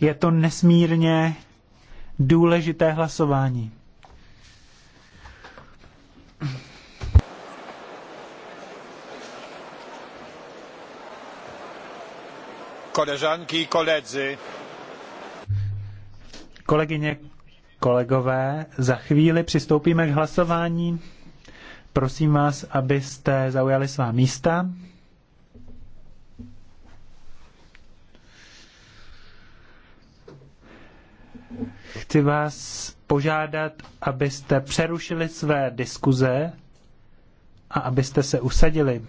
Je to nesmírně důležité hlasování. Koleżanki koledzy. Kolegyně, kolegové, za chvíli přistoupíme k hlasování. Prosím vás, abyste zaujali svá místa. Chci vás požádat, abyste přerušili své diskuze a abyste se usadili.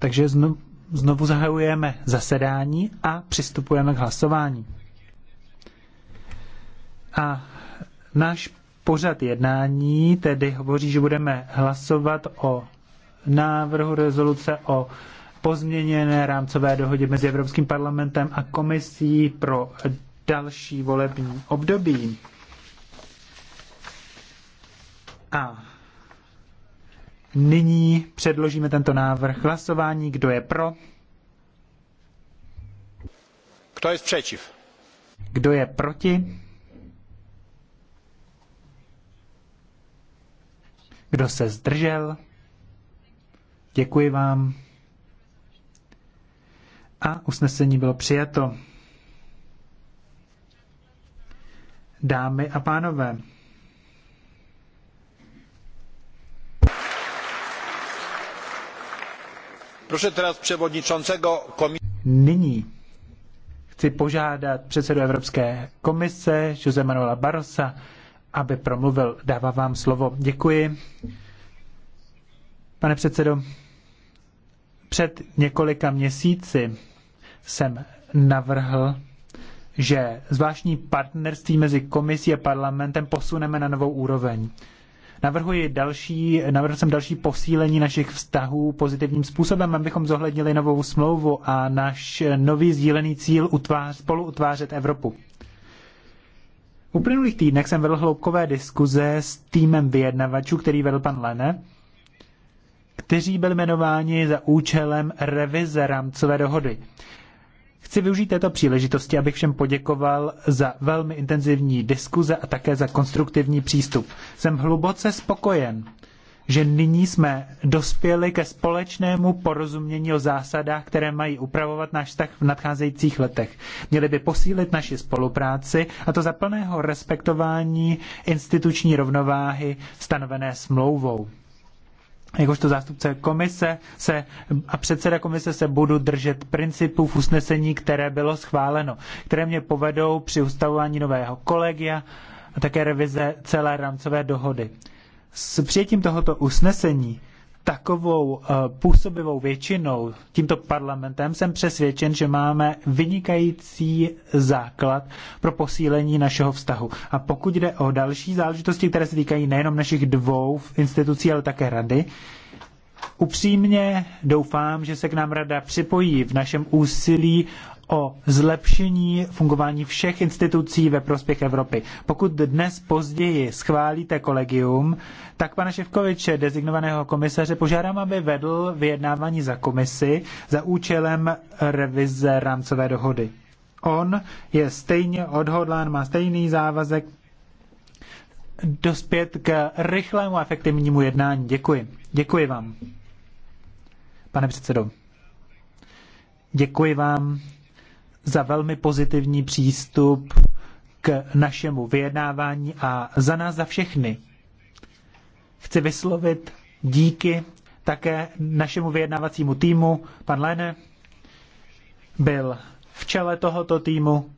Takže znovu Znovu zahajujeme zasedání a přistupujeme k hlasování. A náš pořad jednání tedy hovoří, že budeme hlasovat o návrhu rezoluce o pozměněné rámcové dohodě mezi Evropským parlamentem a komisí pro další volební období. A Nyní předložíme tento návrh hlasování. Kdo je pro? Kdo je přečiv? Kdo je proti? Kdo se zdržel? Děkuji vám. A usnesení bylo přijato. Dámy a pánové, Proszę teraz przewodniczącego komisji. Nyní chci požádat předsedu Evropské komise Jose Manuela Barrosa, aby promluvil. Dává vám slovo. Děkuji. Pane předsedo, před několika měsíci jsem navrhl, že zvláštní partnerství mezi komisí a parlamentem posuneme na novou úroveň. Navrhuji další, navrhl jsem další posílení našich vztahů pozitivním způsobem, abychom zohlednili novou smlouvu a náš nový sdílený cíl utvář, spolu utvářet Evropu. V uplynulých týdnech jsem vedl hloubkové diskuze s týmem vyjednavačů, který vedl pan Lene, kteří byli jmenováni za účelem revize rámcové dohody. Chci využít této příležitosti, abych všem poděkoval za velmi intenzivní diskuze a také za konstruktivní přístup. Jsem hluboce spokojen, že nyní jsme dospěli ke společnému porozumění o zásadách, které mají upravovat náš vztah v nadcházejících letech. Měli by posílit naši spolupráci a to za plného respektování instituční rovnováhy stanovené smlouvou jakožto zástupce komise se, a předseda komise se budu držet principů v usnesení, které bylo schváleno, které mě povedou při ustavování nového kolegia a také revize celé rámcové dohody. S přijetím tohoto usnesení takovou eh, působivou většinou, tímto parlamentem, jsem přesvědčen, že máme vynikající základ pro posílení našeho vztahu. A pokud jde o další záležitosti, které se týkají nejenom našich dvou institucí, ale také rady, upřímně doufám, že se k nám rada připojí v našem úsilí o zlepšení fungování všech institucí ve prospěch Evropy. Pokud dnes později schválíte kolegium, tak pana Ševkoviče, dezignovaného komisaře, požádám, aby vedl vyjednávání za komisi za účelem revize rámcové dohody. On je stejně odhodlán, má stejný závazek dospět k rychlému a efektivnímu jednání. Děkuji. Děkuji vám. Pane předsedo. Děkuji vám za velmi pozitivní přístup k našemu vyjednávání a za nás za všechny. Chci vyslovit díky také našemu vyjednávacímu týmu. Pan Lene byl v čele tohoto týmu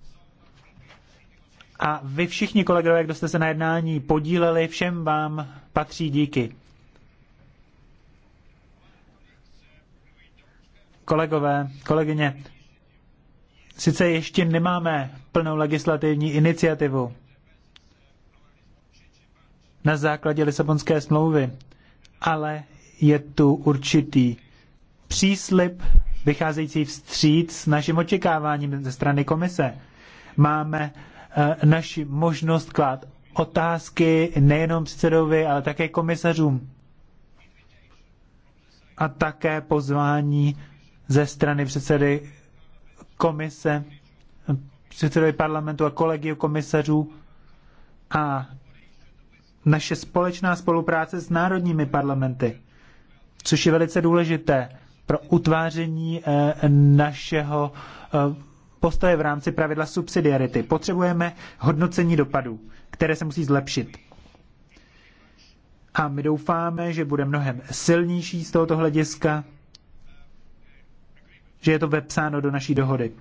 a vy všichni kolegové, kdo jste se na jednání podíleli, všem vám patří díky. Kolegové, kolegyně, Sice ještě nemáme plnou legislativní iniciativu na základě Lisabonské smlouvy, ale je tu určitý příslip vycházející vstříc s naším očekáváním ze strany komise. Máme eh, naši možnost klát otázky nejenom předsedovi, ale také komisařům. A také pozvání ze strany předsedy komise, předsedovi parlamentu a kolegiu komisařů a naše společná spolupráce s národními parlamenty, což je velice důležité pro utváření eh, našeho eh, postoje v rámci pravidla subsidiarity. Potřebujeme hodnocení dopadů, které se musí zlepšit. A my doufáme, že bude mnohem silnější z tohoto hlediska že je to vepsáno do naší dohody.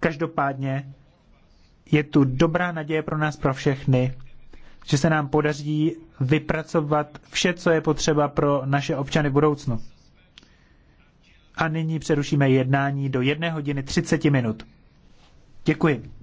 Každopádně je tu dobrá naděje pro nás, pro všechny, že se nám podaří vypracovat vše, co je potřeba pro naše občany v budoucnu. A nyní přerušíme jednání do 1 hodiny 30 minut. Děkuji.